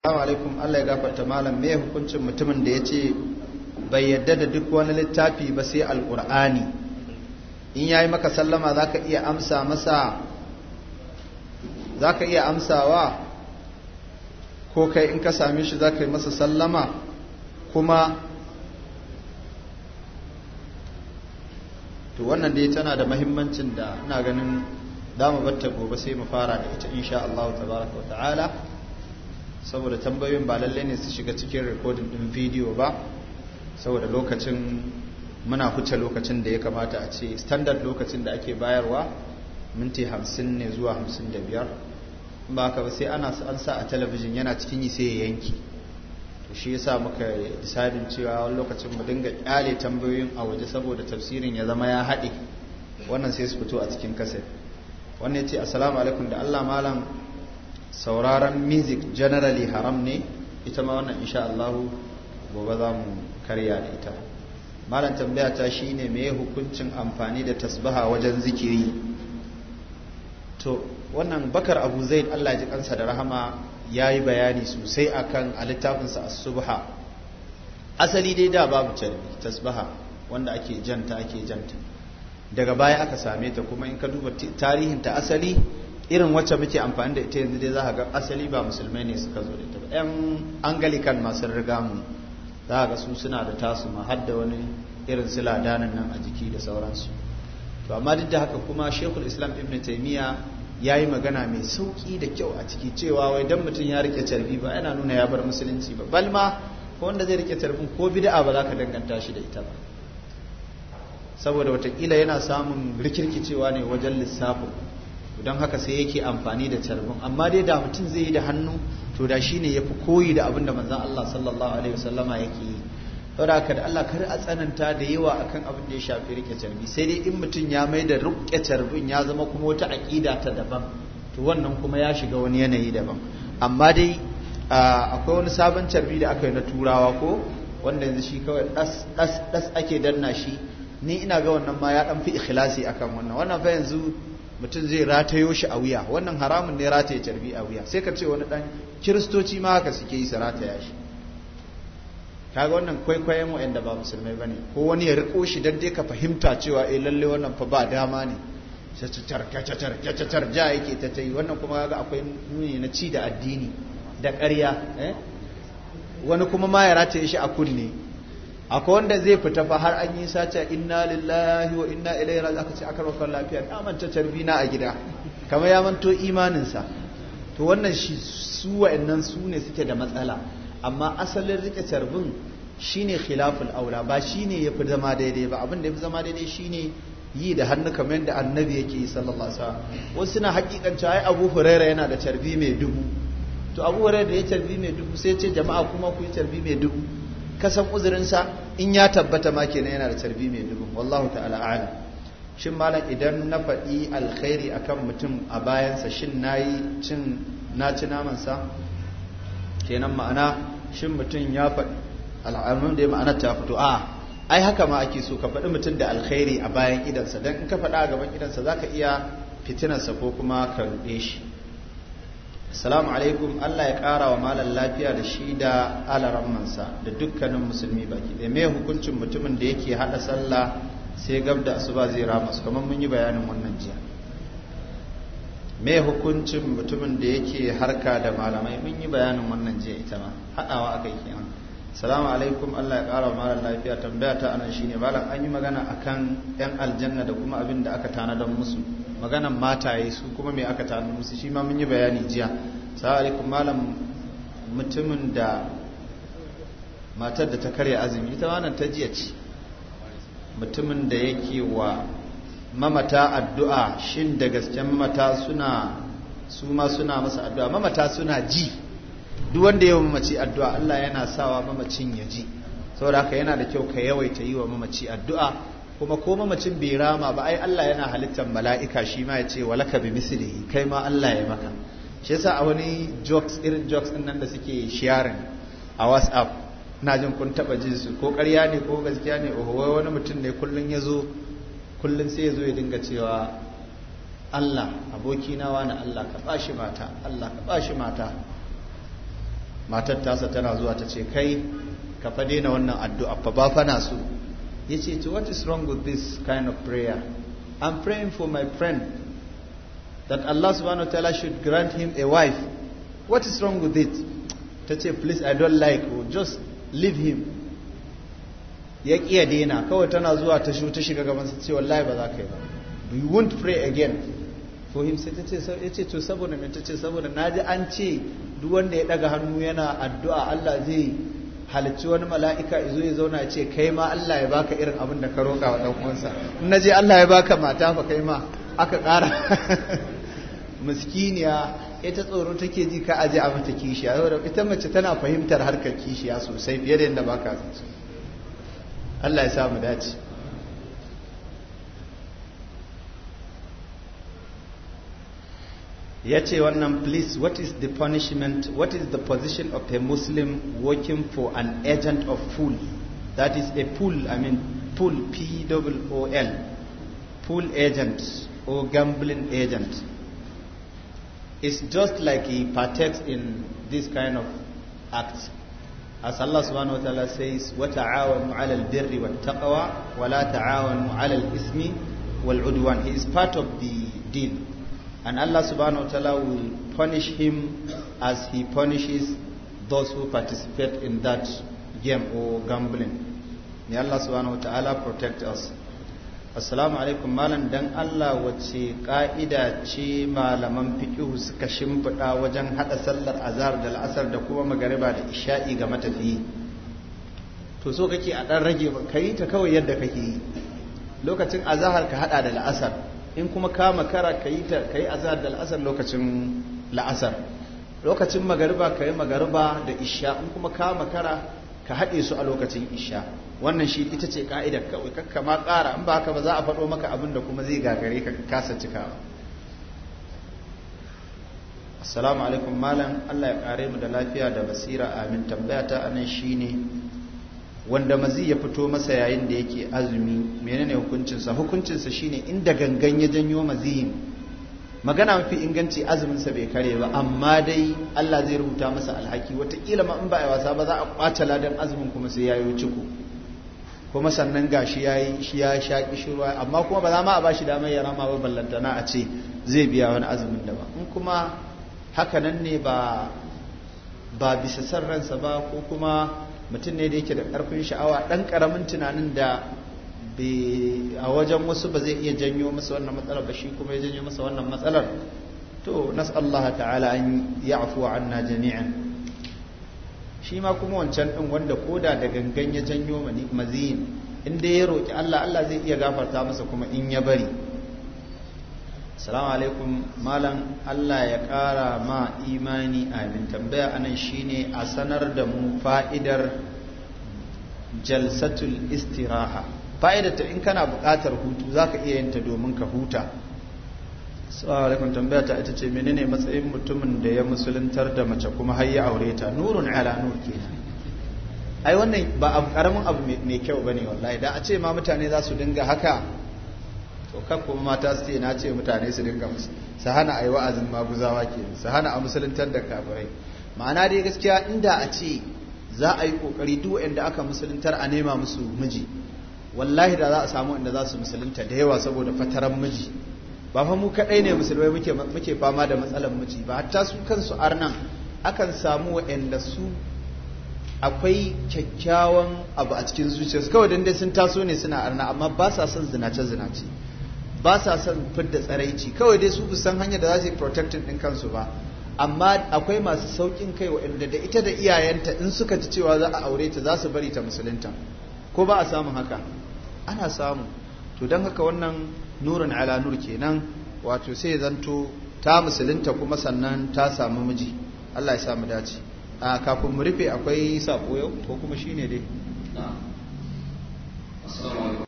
Assalamu alaikum Allah ya gafarta malam me hukuncin mutumin da ya ce bai yadda da duk wani littafi ba sai alkur'ani in yayi maka sallama zaka iya amsa masa zaka iya amsawa ko kai in ka same shi zaka yi masa sallama kuma to wannan dai tana da mahimmancin da ina ganin za mu batta gobe sai mu fara da ita insha Allah tabaraka wa ta'ala saboda tambayoyin ba lallai ne su shiga cikin rikodin ɗin bidiyo ba saboda lokacin muna huce lokacin da ya kamata a ce standard lokacin da ake bayarwa minti hamsin ne zuwa hamsin da biyar ba ka ba sai ana an sa a talabijin yana cikin yi sai ya yanki to shi yasa muka decidin cewa wani lokacin mu dinga kyale tambayoyin a waje saboda tafsirin ya zama ya haɗe wannan sai su fito a cikin kaset wannan ya ce assalamu alaikum da allah malam sauraron music generally haram ne ita ma wannan insha Allah gobe za mu karya da ita malam tambaya ta shine me hukuncin amfani da tasbaha wajen zikiri to wannan bakar abu Zain Allah ji kansa da rahama ya yi bayani sosai akan a littafinsa a subha asali dai da babu tasbaha wanda ake janta ake janta daga baya aka same ta kuma in ka duba tarihinta asali irin wacce muke amfani da ita yanzu dai za ga asali ba musulmai ne suka zo da ta yan angalikan masu riga mu za ga su suna da tasu ma har da wani irin sila danan nan a jiki da sauransu to amma duk da haka kuma shekul islam ibn taimiyya ya yi magana mai sauki da kyau a ciki cewa wai dan mutum ya rike carbi ba yana nuna ya bar musulunci ba balma ko wanda zai rike carbin ko bid'a ba za ka danganta shi da ita ba saboda watakila yana samun rikirkicewa ne wajen lissafin don haka sai yake amfani da carbin amma dai da mutum zai yi da hannu to da shi shine fi koyi da abin da manzan Allah sallallahu alaihi wasallama yake yi saboda haka da Allah kar a tsananta da yawa akan abin da ya shafi rike carbi sai dai in mutum ya mai da rike carbin ya zama kuma wata aƙida ta daban to wannan kuma ya shiga wani yanayi daban amma dai akwai wani sabon carbi da aka yi na turawa ko wanda yanzu shi kawai ɗas ɗas ɗas ake danna shi ni ina ga wannan ma ya dan fi ikhlasi akan wannan wannan fa yanzu mutum zai ratayo shi a wuya wannan haramun ne rataye carbi a wuya sai ka ce wani dan kiristoci ma haka suke yi su rataya shi kaga wannan kwaikwayon wa'anda ba musulmai bane ko wani ya riko shi dan dai ka fahimta cewa eh lalle wannan fa ba dama ne cacacar cacacar cacacar ja yake ta ta yi wannan kuma kaga akwai nuni na ci da addini da ƙarya eh? wani kuma ma ya rataye shi a kunne akwai wanda zai fita fa har an yi sace inna lillahi wa inna ilaihi raji aka ce aka roƙa lafiya da manta tarbina na a gida kamar ya manto imaninsa to wannan shi su wa'annan su ne suke da matsala amma asalin rike tarbin shine khilaful aula ba shine yafi zama daidai ba abin da yafi zama daidai shine yi da hannu kamar yadda annabi yake yi sallallahu alaihi wasallam wasu na hakikanta ai Abu hurairah yana da tarbi mai dubu to Abu hurairah da ya tarbi mai dubu sai ce jama'a kuma ku yi tarbi mai dubu kasan uzurinsa in ya tabbata ma kenan yana da tarbi mai dubu. wallahu ta'ala ala shin malam idan na faɗi alkhairi akan mutum a bayansa shin nayi cin na ci namansa kenan ma'ana shin mutum ya faɗi al'amun da ya ma'anar ta fito a ai haka ma ake so ka faɗi mutum da alkhairi a bayan idansa dan in ka faɗa a gaban idansa ka iya fitinarsa ko kuma ka ruɗe shi Assalamu alaikum Allah ya ƙara wa malam lafiya da shi da alarammansa da dukkanin musulmi baki ɗaya me hukuncin mutumin da yake haɗa sallah sai gab da asuba zai rama su kamar mun yi bayanin wannan jiya me hukuncin mutumin da yake harka da malamai mun yi bayanin wannan jiya ita ma haɗawa aka yi kenan salamu alaikum Allah ya ƙara malam lafiya tambaya ta anan shine malam an yi magana akan yan aljanna da kuma abin da aka tana don musu maganan mataye su kuma me aka tana musu shi ma mun yi bayani jiya salamu alaikum malam mutumin da matar da ta karya azumi ita wannan ta jiya ce mutumin da yake wa mamata addu'a shin da gaske mamata suna su ma suna masa addu'a mamata suna ji duk wanda yi wa mamaci addu'a Allah yana sawa mamacin ya ji saboda haka yana da kyau ka yawaita yi wa mamaci addu'a kuma ko mamacin bai rama ba ai Allah yana halittar mala'ika shi ma ya ce walaka bi mislihi kai ma Allah ya maka shi yasa a wani jokes irin jokes din nan da suke sharing a WhatsApp na jin kun taba jin su ko ƙarya ne ko gaskiya ne oho wai wani mutum ne kullun ya zo kullun sai ya zo ya dinga cewa Allah abokina wani Allah ka shi mata Allah ka shi mata matar tasa tana zuwa ta ce kai ka fa daina wannan addu'a fa ba fa na so yace to what is wrong with this kind of prayer i'm praying for my friend that Allah subhanahu wa ta'ala should grant him a wife what is wrong with it tace please i don't like or oh, just leave him ya kiya daina kawai tana zuwa ta shi, ta shiga gaban sa ce wallahi ba za ka yi ba We won't pray again for him sai tace ya ce to saboda me tace saboda naji an ce duk wanda ya daga hannu yana addu'a Allah zai halicci wani mala'ika izo ya zauna ce kai ma Allah ya baka irin abin da ka roka wa dan uwansa in naje Allah ya baka mata fa kai ma aka ƙara miskiniya ita tsoro take ji ka aje a mata kishiya saboda ita mace tana fahimtar harkar kishiya sosai fiye da yadda baka Allah ya sa mu dace ya ce wannan please what is the punishment what is the position of a muslim working for an agent of fool that is a pool i mean pool p o l pool agent or gambling agent it's just like he partakes in this kind of act as Allah subhanahu wa ta'ala says وَتَعَاوَنُوا عَلَى الْبِرِّ وَالتَّقْوَى وَلَا تَعَاوَنُوا ismi wal وَالْعُدْوَانِ he is part of the deal. And Allah subhanahu wa ta'ala will punish him as he punishes those who participate in that game or gambling. May Allah subhanahu wa ta'ala protect us. Assalamu alaikum malam dan Allah wace ka'ida ce malaman fiqhu suka shimfiɗa wajen haɗa sallar azhar da la'asar da kuma magariba da isha'i ga matafiyi. To so kake a ɗan rage ka yi ta kawai yadda kake yi. Lokacin azahar ka haɗa da la'asar in kuma ka makara ka yi azar da al'asar lokacin la'asar lokacin magariba ka yi magariba da isha in kuma ka makara ka haɗe su a lokacin isha wannan shi ita ce ka'idar kawai kakka ma ƙara in ba haka ba za a faɗo maka abin da kuma zai gagare ka kasa cikawa assalamu alaikum malam allah ya ƙare mu da lafiya da basira amin tambaya ta anan shine wanda mazi ya fito masa yayin da yake azumi menene hukuncinsa hukuncinsa shine inda gangan ya janyo maziyin magana mafi inganci azuminsa bai kare ba amma dai Allah zai rubuta masa alhaki wataƙila ma in ba a wasa ba za a ƙwace ladan azumin kuma sai ya yi ciko kuma sannan gashi ya shi ya sha kishirwa amma kuma ba za ma a bashi damar ya rama ba ballantana a ce zai biya wani azumin da ba in kuma haka nan ne ba ba bisa san ransa ba ko kuma mutum ne da yake da ƙarfin sha'awa ɗan ƙaramin tunanin da a wajen wasu ba zai iya janyo masa wannan matsalar ba shi kuma ya janyo masa wannan matsalar to allah ta'ala an ya'fu anna jami'an shi ma kuma wancan din wanda koda da gangan ya janyo maziyin in dai ya roƙi Allah Allah zai iya gafarta masa kuma in ya bari salamu alaikum malam Allah ya ƙara ma imani amin tambaya anan shine a sanar da mu fa'idar jalsatul istiraha fa'idar ta in kana buƙatar hutu zaka iya yin ta domin ka huta salamu alaikum tambaya ta ita ce menene matsayin mutumin da ya musuluntar da mace kuma har ya aure ta nurun ala nur kenan ai wannan ba karamin abu mai kyau bane wallahi da a ce ma mutane za su dinga haka to kan kuma mata su ce na ce mutane su dinga musu su hana a yi wa'azin maguzawa ke su hana a musuluntar da kafirai ma'ana dai gaskiya inda a ce za a yi kokari duk inda aka musuluntar a nema musu miji wallahi da za a samu inda za su musulunta da yawa saboda fataran miji ba fa mu kadai ne musulmai muke muke fama da matsalar miji ba hatta su kansu arnan akan samu wa'anda su akwai kyakkyawan abu a cikin zuciyarsu kawai dan dai sun taso ne suna arna amma ba sa son zinace zinace ba sa son fidda tsaraici kawai dai su san hanyar da za su yi protecting din kansu ba amma akwai masu saukin kai waɗanda da ita da iyayenta in suka ji cewa za a aure ta za su bari ta musulunta ko ba a samun haka ana samu to don haka wannan nurin ala nur kenan wato sai zanto ta musulunta kuma sannan ta samu miji Allah ya samu dace a kafin mu rufe akwai sako yau ko kuma shine dai